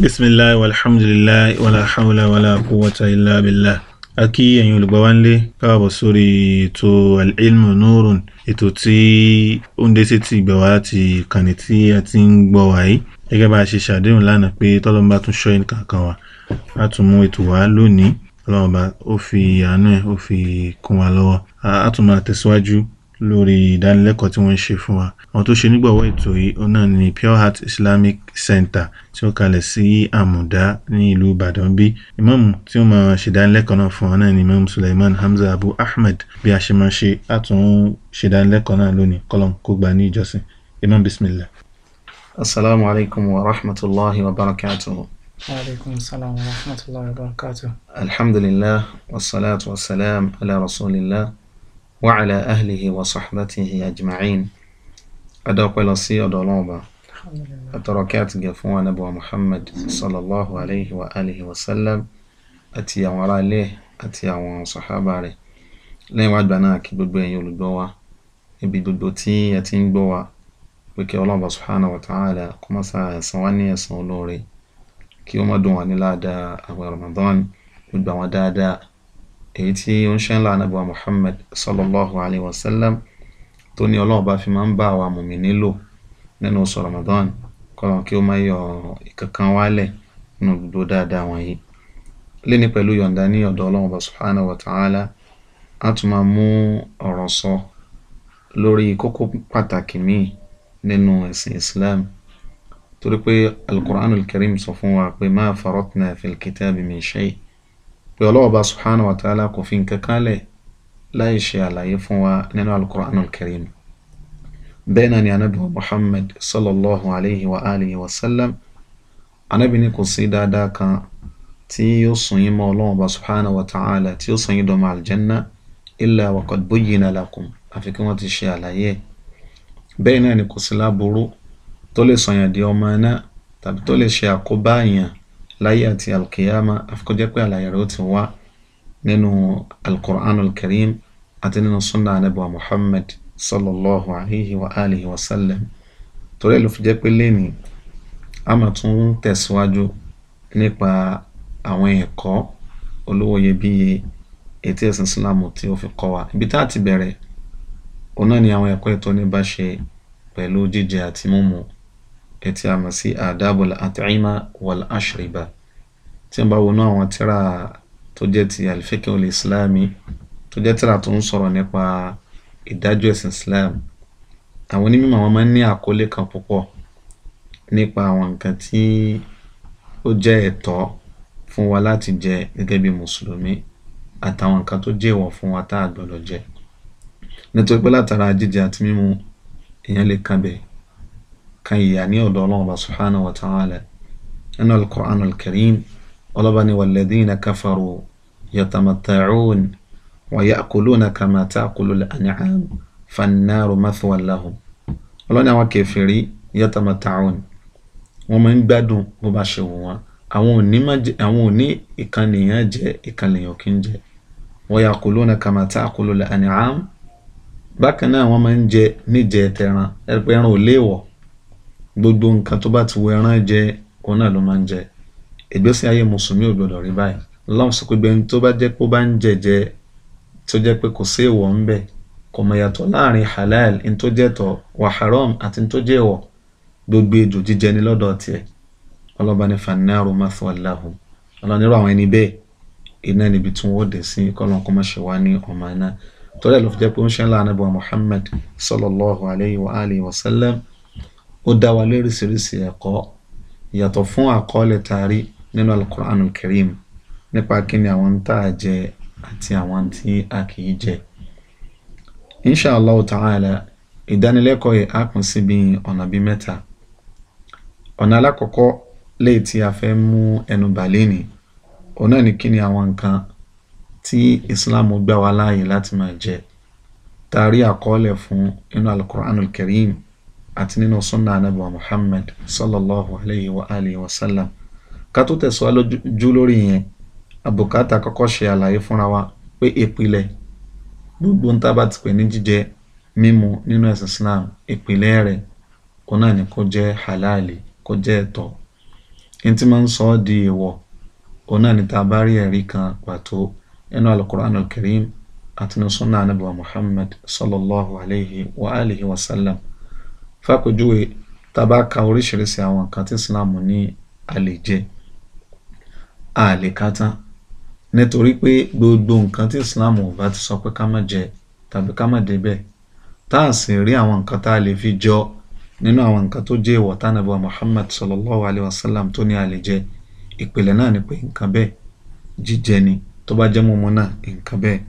bisimilahi walhamdulilayi walahawla walakuwata illa billah a kí ẹ̀yin olùgbọ́ wa nílé káàbọ̀ sórí ètò al-ilmu nurun ètò tí ó ń dé sí ti ìgbà wa láti ìkànnì tí a ti ń gbọ́ wa yìí gẹ́gẹ́ bá a ṣe ṣàdéhùn lánàá pé tọ́lọ́mọba tún ṣọ́ ẹnì kankan wa a tún mú ètò wa lónìí ọlọ́mọba ó fi àánú ẹ̀ ó fi kún wa lọ́wọ́ a tún máa tẹ̀síwájú lórí ìdánilẹ́kọ̀ọ́ tí wọ́n ń ṣe fún wa. Àwọn tó ṣe onígbọ̀wọ́ ètò yìí òun náà ni Pure Heart Islamic Center tí ó kalẹ̀ sí Àmùdá ní ìlú Ìbàdàn bí. Ìmáàmù tí ó máa ṣèdánilẹ́kọ̀ọ́ náà fún wa náà ni Imam Suleiman Hamza Abu Ahmed bí a ṣe máa ṣe àtún ṣèdánilẹ́kọ̀ọ́ náà lónìí kọ́lọ́n kó gbà ní ìjọsìn. Imam Bismillah. Asalaamu alaykum wa rahmatulahi wa barakatuhu. وعليكم السلام ورحمة الله وبركاته الحمد لله والصلاة والسلام على رسول الله وعلى أهله وصحبته أجمعين أدوك لسي أدولوبا أتركات قفوة نبوة محمد صلى الله عليه وآله وسلم أتي وراء له أتي وصحابة له lẹ́yìn wá gbà náà kí gbogbo ẹ̀yin olùgbọ́ wa ibi gbogbo tí ẹ ti ń gbọ́ wa pé kí ọlọ́ọ̀bà subhanahu wa ta'ala kó má sa ẹ̀san wá ní ẹ̀san olóore kí ó má dùn wá ní ládàá àwẹ̀ Ramadan gbogbo àwọn dáadáa èyí tí ó ń ṣe ńlá anábọ̀ Muhammad sallallahu alayhi wa sallam tó ní ọlọ́run bá fi máa ń bá àwa mùmínì lò nínú oṣù Ramadan kọ́lọ́n kí ó má yọ ìkankan wálẹ̀ nínú gbogbo dáadáa wọ̀nyí léni pẹ̀lú yọ̀ǹda ní ọ̀dọ̀ ọlọ́run bá subhanahu wa ta'ala á tún máa mú ọ̀rọ̀ sọ lórí kókó pàtàkì míì nínú ẹ̀sìn Islam torí pé al al-Karim sọ fún wa pé ma faratna fil kitabi min shay' pé ọlọ́wọ́ bá subhanahu wa ta'ala kò fi nǹkan kan lẹ̀ láì ṣe àlàyé fún wa nínú alukur'anul karim bẹ́ẹ̀ náà ni anabi muhammad sallallahu alayhi wa alihi wa sallam anabi ni kò sí dáadáa kan tí yóò sún yín mọ́ ọlọ́wọ́ subhanahu wa ta'ala tí yóò sún yín dọ̀mọ́ aljanna illa wa qad buyyina lakum àfi kí wọ́n ti ṣe àlàyé bẹ́ẹ̀ náà ni kò sí láburú tó lè sọ̀yàn di ọmọ náà tàbí tó lè ṣe àkóbá yàn láyé àti alkiyama àfikọ́jẹ́ pé àlàyé rẹ̀ ó ti wá nínú alqur'anul karim àti nínú sunna anabiwa muhammad sallallahu alayhi wa alihi wa sallam torí ẹ̀ ló fi jẹ́ pé lẹ́ni a máa tún tẹ̀síwájú nípa àwọn ẹ̀kọ́ olówó iyebíye ètí ẹ̀sìn islam tí ó fi kọ́ wa ibi tá a ti bẹ̀rẹ̀ òun náà ni àwọn ẹ̀kọ́ ètò oníbàṣe pẹ̀lú jíjẹ àti mímu èyí tí a mọ̀ sí adabul at'ima wal ashriba tí n bá wọnú àwọn tíra tó jẹ́ ti al-fiqhul islami tó jẹ́ tíra tó ń sọ̀rọ̀ nípa ìdájọ́ ẹ̀sìn islam àwọn onímọ̀ wọn máa ń ní àkọlé kan púpọ̀ nípa àwọn nǹkan tí ó jẹ́ ẹ̀tọ́ fún wa láti jẹ gẹ́gẹ́ bí mùsùlùmí àtàwọn nǹkan tó jẹ́ ìwọ̀ fún wa tá a gbọ́dọ̀ jẹ nítorí pé látara jíjẹ àti mímu èèyàn lè kan bẹ́ẹ̀ kan ìyà ní ọ̀dọ̀ ọlọ́run bá subhanahu wa ta'ala nínú al-Qur'an al-Karim ọlọ́ba ni walladhina kafaru yatamatta'un wa ya'kuluna kama ta'kulu al-an'am fan-naru mathwan lahum ọlọ́ni àwọn kèfèrí yatamatta'un wọ́n máa ń gbádùn bó bá ṣe wù wọ́n àwọn ò ní jẹ àwọn ò ìkànnìyàn jẹ ìkànnìyàn kì í jẹ wa ya'kuluna kama ta'kulu al-an'am bákan náà wọ́n máa ń jẹ níjẹ tẹran ẹgbẹ́rún ò léèwọ̀ gbogbo nǹkan tó bá ti wọ ẹran jẹ òun náà ló máa ń jẹ ìgbésí ayé mùsùlùmí ò gbọdọ̀ rí báyìí lọ́wọ́n sọ pé gbẹ̀yìn tó bá jẹ́ pé ó bá ń jẹ̀jẹ̀ tó jẹ́ pé kò sí èèwọ̀ ń kò mọ̀ yàtọ̀ láàrin halal ní tó jẹ́ tọ̀ wà haram àti ní tó jẹ́ èèwọ̀ gbogbo ejò jíjẹ ní lọ́dọ̀ tiẹ̀ ọlọ́ba ní fanáàrù mathwa lahum ọlọ́ni irú àwọn ẹni bẹ́ẹ̀ iná níbi tí wọ́n dé sí kọ́lọ́n kó má ṣe wá ní ọmọ iná torí ẹ̀ ló fi jẹ́ pé ó ń ṣe ńlá anábọ̀ Muhammad sallallahu alayhi wa alihi wa sallam ó dá wa lóríṣiríṣi ẹ̀kọ́ ìyàtọ̀ fún àkọọ́lẹ̀ tá a rí nínú alukur'anul karim nípa kí ni àwọn tá a jẹ àti àwọn tí a kì í jẹ. inshallah ta'ala ìdánilẹ́kọ̀ọ́ yìí á kún sí bí ọ̀nà bíi mẹ́ta ọ̀nà alákọ̀ọ́kọ́ léyìí tí a fẹ́ mú ẹnu bà lénìí òun náà ni kí ni àwọn nǹkan tí Islam gbà wá láàyè láti máa jẹ tá a rí àkọọ́lẹ̀ fún inú alukur'anul karim àti nínú sunna anabi muhammad sallallahu alayhi wa alihi wa sallam ká tó tẹ̀síwájú lórí yẹn àbùkátà kọ́kọ́ ṣe àlàyé fúnra wa pé ìpìlẹ̀ gbogbo ń tábà ti pè ní jíjẹ mímu nínú ẹ̀sìn islam ìpìlẹ̀ rẹ̀ kó náà ni kó jẹ́ halali kó jẹ́ ẹ̀tọ́ ní tí máa ń sọ ọ́ di èèwọ̀ òun náà ni tá a bá rí ẹ̀rí kan pàtó nínú alukur'an al-karim àti nínú sunna anabi wa sallallahu alayhi wa alihi wa sallam fàpèjúwe tá a bá ka oríṣiríṣi àwọn nǹkan tí Islam ní a lè jẹ a lè kà á tán nítorí pé gbogbo nǹkan tí Islam ò bá ti sọ pé ká má jẹ tàbí ká má débẹ̀ tá à sì rí àwọn nǹkan tá a lè fi jọ nínú àwọn nǹkan tó jẹ́ ìwọ̀ tánàbọ̀ Muhammad sallallahu alayhi wa sallam tó ní a lè jẹ ìpìlẹ̀ náà ni pé nǹkan bẹ́ẹ̀ jíjẹ ni tó bá jẹ́ mímu náà nǹkan bẹ́ẹ̀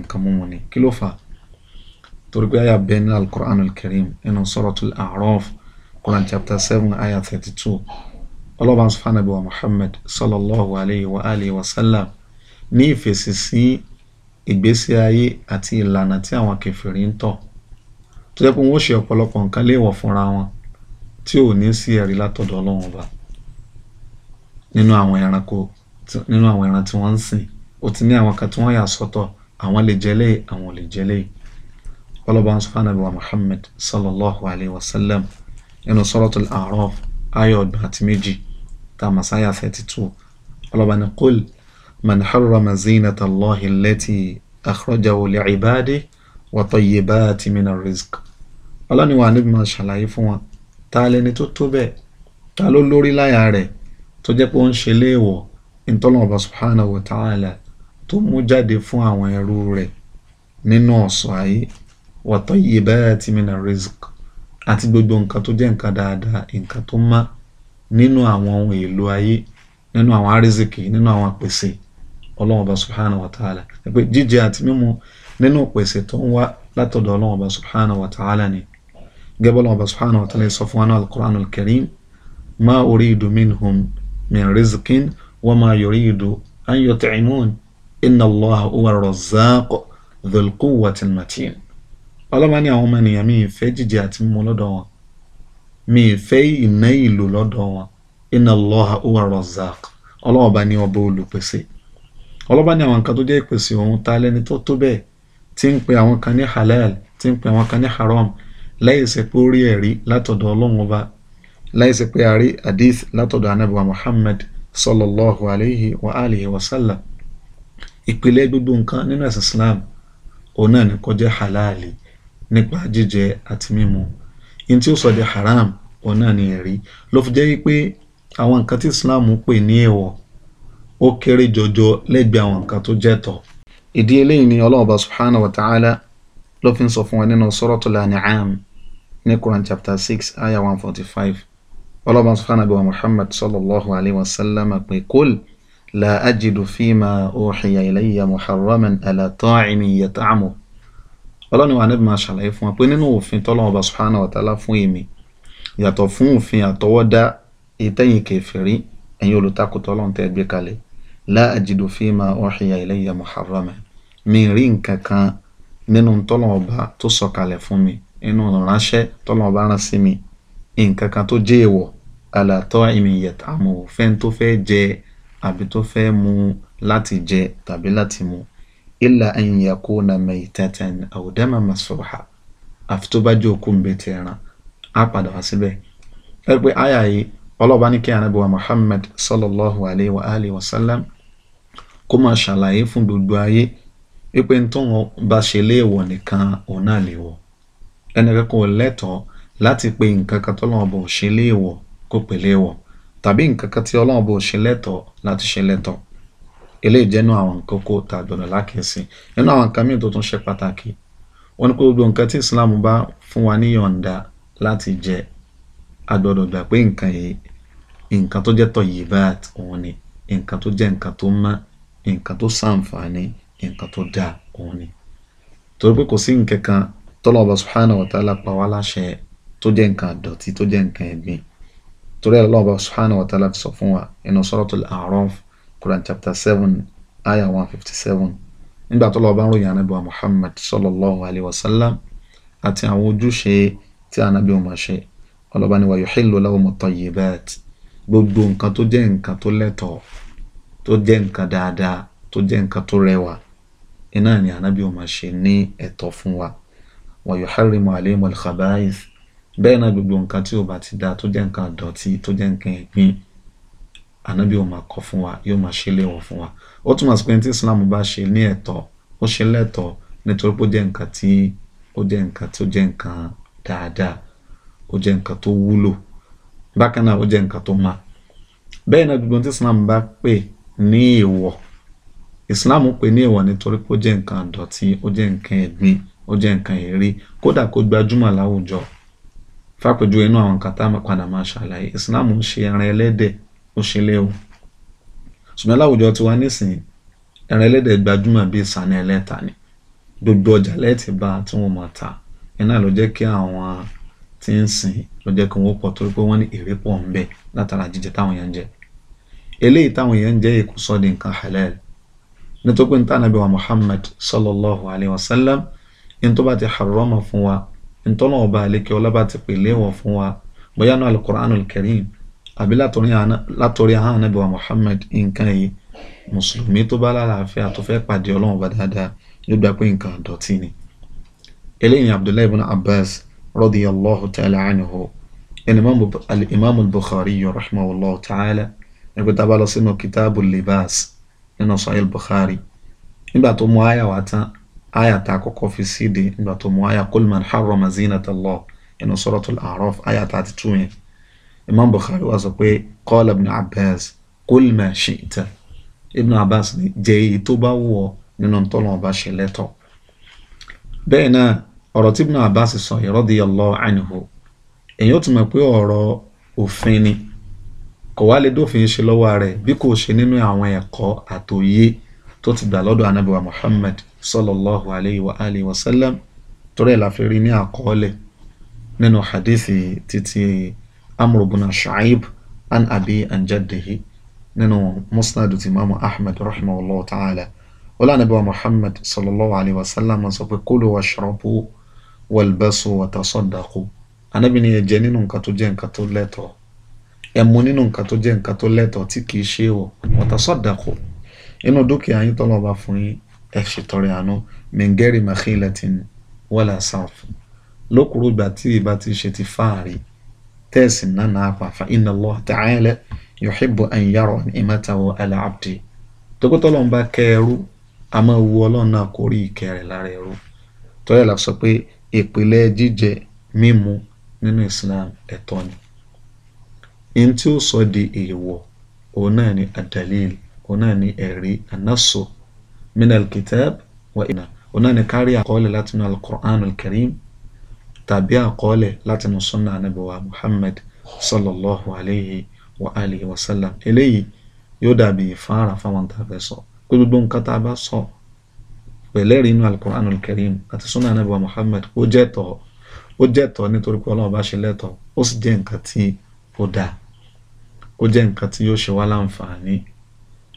nǹkan mímu ni kí ló fà á torí pé àyà bẹ́ẹ̀ ní alukur'an al-karim nínú suratul a'raf quran chapter seven àyà thirty two ọlọ́ba sùfànà bí wa muhammad sallallahu alayhi wa alihi wa sallam ní ìfèsì sí ìgbésí ayé àti ìlànà tí àwọn kèfèrí ń tọ̀ tó jẹ́ pé wọ́n ṣe ọ̀pọ̀lọpọ̀ nǹkan léèwọ̀ fúnra wọn tí ò ní sí ẹ̀rí látọ̀dọ̀ ọlọ́run ọba nínú àwọn ẹranko nínú àwọn ẹran tí wọ́n ń sìn ó ti ní àwọn kan tí wọ́n yà sọ́tọ̀ àwọn lè jẹ́ àwọn lè jẹ́ lẹ́yìn kọlọ́ba sùfàànà bíi wa Muhammad sallallahu alayhi wa sallam nínú suratul A'raf ayọ̀ ọ̀dọ́ àti méjì tá a masaya thirty two kọlọ́ba ní qul man harrama zinata allahi allati akhrajahu li'ibadihi wa tayyibati mina rizq ọlọ́ni wa níbi máa ṣàlàyé fún wọn ta lẹni tó tó bẹ́ẹ̀ ta ló lórí láyà rẹ̀ tó jẹ́ pé ó ń ṣe léèwọ̀ ìtọ́lọ́mọba subhanahu wa ta'ala tó mú jáde fún àwọn ẹrú rẹ̀ nínú ọ̀sán ayé wàtọ́yìbáàtì mina rizq àti gbogbo nǹkan tó jẹ́ nǹkan dáadáa nǹkan tó má nínú àwọn ohun èlò ayé nínú àwọn arizikì nínú àwọn àpèsè ọlọ́run ọba subhanahu wa ta'ala pé jíjẹ àti mímu nínú pèsè tó ń wá látọ̀dọ̀ ọlọ́run ọba subhanahu wa ta'ala ni gẹ́gẹ́ ọlọ́run ọba subhanahu wa ta'ala sọ fún wa náà al-Qur'an al-Karim ma uridu minhum min rizqin wa ma yuridu an yut'imun inna Allaha huwa ar-razzaq dhul quwwati al-matin ọlọ́wọ́n ní àwọn ọmọ ènìyàn mi ìfẹ́ jíjẹ àti mímu lọ́dọ̀ wọn mi ìfẹ́ ìná ìlò lọ́dọ̀ wọn inna Allaha huwa razzaq ọlọ́wọ́n bá ní ọba olùpèsè ọlọ́wọ́n ní àwọn nǹkan tó jẹ́ ìpèsè òun ta lẹ́ni tó tó bẹ́ẹ̀ tí ń pe àwọn kan ní halal tí ń pe àwọn kan ní haram láì ṣe pé ó rí ẹ̀rí látọ̀dọ̀ ọlọ́wọ́n ọba láì pé a rí hadith látọ̀dọ̀ anábìwá Muhammad sallallahu alayhi wa alihi wa sallam ìpìlẹ̀ gbogbo nǹkan nínú ẹ̀sìn Islam òun náà ní kó jẹ́ halali nípa jíjẹ àti mímu ihun tí ó sọ di haram òun náà ni ẹ̀rí ló fi jẹ́ pé àwọn nǹkan tí Islam pè ní èèwọ̀ ó kéré jọjọ lẹ́gbẹ̀ẹ́ àwọn nǹkan tó jẹ́ tọ̀ ìdí eléyìí ni ọlọ́ọ̀bà subhanahu wa ta'ala ló fi ń sọ fún wa nínú Suratul An'am ní Quran chapter six ayah one forty five ọlọ́ọ̀bà subhanahu wa Muhammad sallallahu alayhi wa sallam pé kúl la ajidu fima uhiya ilayya muharraman ala ta'imi yata'amu ọlọ́run wa níbi máa ṣàlàyé fún wa pé nínú òfin tọ́lọ́run ọba subhanahu wa ta'ala fún èmi yàtọ̀ fún òfin àtọwọ́dá ìtẹ́yìn kẹfìrí ẹ̀yin olùtakò tọ́lọ́run tẹ́ gbé kalẹ̀ la ajidu fima uhiya ilayya muharrama mi rí nǹkan kan nínú tọ́lọ́run ọba tó sọ̀kalẹ̀ fún mi nínú ránṣẹ́ tọ́lọ́run ọba rán sí mi nǹkan kan tó jẹ́ èèwọ̀ ala ta'imin yat'amuhu fẹ́ni tó fẹ́ jẹ àbí tó fẹ́ mu láti jẹ tàbí láti mu illa an yakuna maytatan aw daman masfuha àfi tó bá jẹ́ òkú ńbẹ ti ẹran á padà wá síbẹ̀ ẹ pé àyà yìí ọlọ́ọ̀bá ní kí ànábì wa Muhammad sallallahu alayhi wa alihi wa sallam kó máa ṣàlàyé fún gbogbo ayé wípé tóun bá ṣe léèwọ̀ nìkan òun náà lè wọ̀ ẹnìkan kò lẹ́tọ̀ọ́ láti pe nǹkan kan tọ́lọ́wọ́ bò ṣe léèwọ̀ kó pè léèwọ̀ tàbí nǹkan kan tí Ọlọ́run bò ṣe lẹ́tọ̀ọ́ láti ṣe lẹ́tọ̀ọ́ eléyìí jẹ́ nú àwọn nǹkan kó ta gbọ̀dọ̀ lákẹ́sìn nínú àwọn nǹkan míì tó tún ṣe pàtàkì wọ́n ní pé gbogbo nǹkan tí Islam bá fún wa ní yọ̀ǹda láti jẹ a gbọdọ̀ gbà pé nǹkan yìí nǹkan tó jẹ́ tọ̀yìbáàt òun ni nǹkan tó jẹ́ nǹkan tó mọ́ nǹkan tó sàǹfààní nǹkan tó dáa òun ni torí pé kò sí nǹkan kan tọ́lọ́ọ̀bà subhanahu wa ta'ala pa wá láṣẹ tó jẹ́ nǹkan àdọ̀tí tó jẹ́ nǹkan ẹ̀gbin torí ẹ̀ lọ́ọ̀bà subhanahu wa ta'ala sọ fún wa nínú Suratul A'raf Quran chapter seven ayah one fifty seven nígbà tó lọ́ọ́ bá ń ròyìn anábìwá Muhammad sallallahu alayhi wa sallam àti àwọn ojúṣe tí anábì wọn máa ṣe ọlọ́ba ni wa yuhillu lahumu tayyibat gbogbo nǹkan tó jẹ́ nǹkan tó lẹ́tọ̀ọ́ tó jẹ́ nǹkan dáadáa tó jẹ́ nǹkan tó rẹwà iná ni anábì wọn máa ṣe ní ẹ̀tọ́ fún wa wa yuharrimu alayhimul khaba'ith bẹ́ẹ̀ náà gbogbo nǹkan tí ò bá ti dáa tó jẹ́ nǹkan dọ̀tí tó jẹ́ nǹkan ẹ̀gbin ànábì ó máa kọ́ fún wa yóò ma ṣe léwọ̀ fún wa ó túmọ̀ sí pé tí islam bá ṣe ní ẹ̀tọ́ ó ṣe lẹ́tọ̀ọ́ nítorí pé ó jẹ́ nǹkan tí ó jẹ́ nǹkan tó jẹ́ nǹkan dáadáa ó jẹ́ nǹkan tó wúlò bákan náà ó jẹ́ nǹkan tó máa bẹ́ẹ̀ náà gbogbo tí islam bá pè ní èèwọ̀ islam pè ní èèwọ̀ nítorí pé ó jẹ́ nǹkan àdọ̀tí ó jẹ́ nǹkan ẹ̀gbin ó jẹ́ nǹkan èrí kódà kó gbajúmọ̀ láwùjọ fàpèjúwe inú àwọn nǹkan tá a padà máa ṣàlàyé islam ń ṣe ẹran ẹlẹ́dẹ̀ ó ṣe léwu ṣùgbọ́n láwùjọ tiwa nísìnyí ẹran ẹlẹ́dẹ̀ gbajúmọ̀ bíi sani ẹlẹ́ta ni gbogbo ọjà lẹ́ẹ̀tì bá tí wọ́n máa ta iná ló jẹ́ kí àwọn tí ń sìn ló jẹ́ kí wọ́n pọ̀ torí pé wọ́n ní èrè pọ̀ ń bẹ látara jíjẹ táwọn èèyàn ń jẹ eléyìí táwọn èèyàn ń jẹ èkó sọ nǹkan halal nítorí pé níta nàbẹ wa Muhammad sallallahu alayhi wa sallam ní tó bá ti harrama fún wa ní tó ọba àlekè ọlọ́ba ti pèlè wọ̀ fún wa bóyá náà al-Qur'anul àbí látọ̀rí ahọ́n anábìwá Muhammad nǹkan yìí mùsùlùmí tó bá lálàáfíà tó fẹ́ pàdé ọlọ́run bá dáadáa yóò gbà pé nǹkan àdọ̀tí ni eléyìí Abdullahi ibn Abbas radiyallahu ta'ala anhu ẹni imaamu Bukhari yọ rahimahullahu ta'ala ẹgbẹ́ tá a bá lọ sínú kitaabu libas nínú sahih Bukhari nígbà tó mú àyà wá tán àyà tá a kọ́kọ́ fi síde nígbà tó mú àyà qul man harrama zinata Allah nínú suratul A'raf àyà tá a ti tú yẹn imam bukhari wa sọ pé qala ibn abbas qul ma shi'ta ibn abbas ní jẹ́ èyí tó bá wù ọ́ nínú tọ́lọ́ ọba ṣe lẹ́tọ̀ bẹ́ẹ̀ náà ọ̀rọ̀ tí ibn abbas sọ radiyallahu anhu èyí ó ti mọ̀ pé ọ̀rọ̀ òfin ni kò wá lè dófin ṣe lọ́wọ́ rẹ̀ bí kò ṣe nínú àwọn ẹ̀kọ́ àtòyé tó ti gbà lọ́dọ̀ anábìwá muhammad sallallahu alayhi wa alihi wa sallam torí ẹ̀ la rí ní àkọọ́lẹ̀ nínú hadithi títí amr ibn shu'aib an abi an jaddihi nínú musnad ti imaamu ahmed rahimahullah ta'ala olanabiwa muhammad sallallahu alayhi wa sallam sọ pé kulu washrabu walbasu watasadaqu anabi ni ẹ jẹ nínú nǹkan tó jẹ́ nǹkan tó lẹ́tọ̀ọ́ ẹ mu nínú nǹkan tó jẹ́ nǹkan tó lẹ́tọ̀ọ́ tí kìí ṣe wọ watasadaqu inú dúkìá yín tọ́lọ́ bá fún yín ẹ ṣètọrẹ àánú mingeri makhilatin wala sarf lókùrú ìgbà tí ìbá ti ṣe ti fáàrí tẹ́ẹ̀sì nánà àpàfà inna Allah ta'ala yuhibbu an yara ni'matahu ala abdi tókótọ́ lọ́n bá kẹ́ ẹrú a máa wu ọlọ́run náà kó rí ìkẹrẹ̀ lára ẹrú tọ́yà la sọ pé ìpìlẹ̀ jíjẹ mímu nínú Islam ẹ̀tọ́ ni ihun tí ó sọ di èèwọ̀ òun náà ni adalil òun náà ni ẹ̀rí anaso minal kitab wa ina òun náà ni kárí àkọọ́lẹ̀ látinú al-Qur'an tàbí àkọọ́lẹ̀ látinú sunna anabiwa muhammad sallallahu alayhi wa alihi wa sallam eléyìí yóò dàbí ìfáàrà fáwọn tá a fẹ́ sọ pé gbogbo nǹkan tá a bá sọ pẹ̀lẹ́rìí inú alukur'anul karim àti sunna anabiwa muhammad ó jẹ́ tọ́ ó jẹ́ tọ́ nítorí pé ọlọ́run bá ṣe lẹ́tọ̀ọ́ ó sì jẹ́ nǹkan tí ó dáa ó jẹ́ nǹkan tí yóò ṣe wá láǹfààní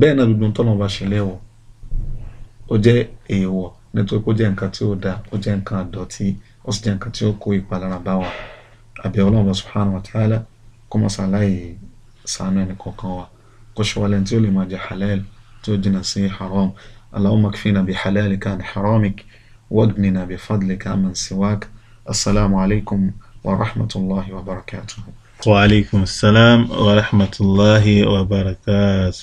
bẹ́ẹ̀ náà gbogbo tọ́lọ́run bá ṣe léèwọ̀ ó jẹ́ èèwọ̀ nítorí pé ó jẹ́ nǹkan tí ó dáa ó jẹ́ nǹkan àdọ̀tí ó sì jẹ́ nǹkan tí ó kó ìpalára bá wa àbí ọlọ́run subhanahu wa ta'ala kó mọ̀ sàlàyé sànú ẹnì kọ̀ọ̀kan wa kó ṣe wálé tí ó lè máa jẹ halal tí ó jìnnà sí haram allahumma kfina bi halalika an haramik wagnina bi fadlika man siwak assalamu alaikum wa rahmatullahi wa barakatuhu. wa alaikum salam wa rahmatullahi wa barakatuhu.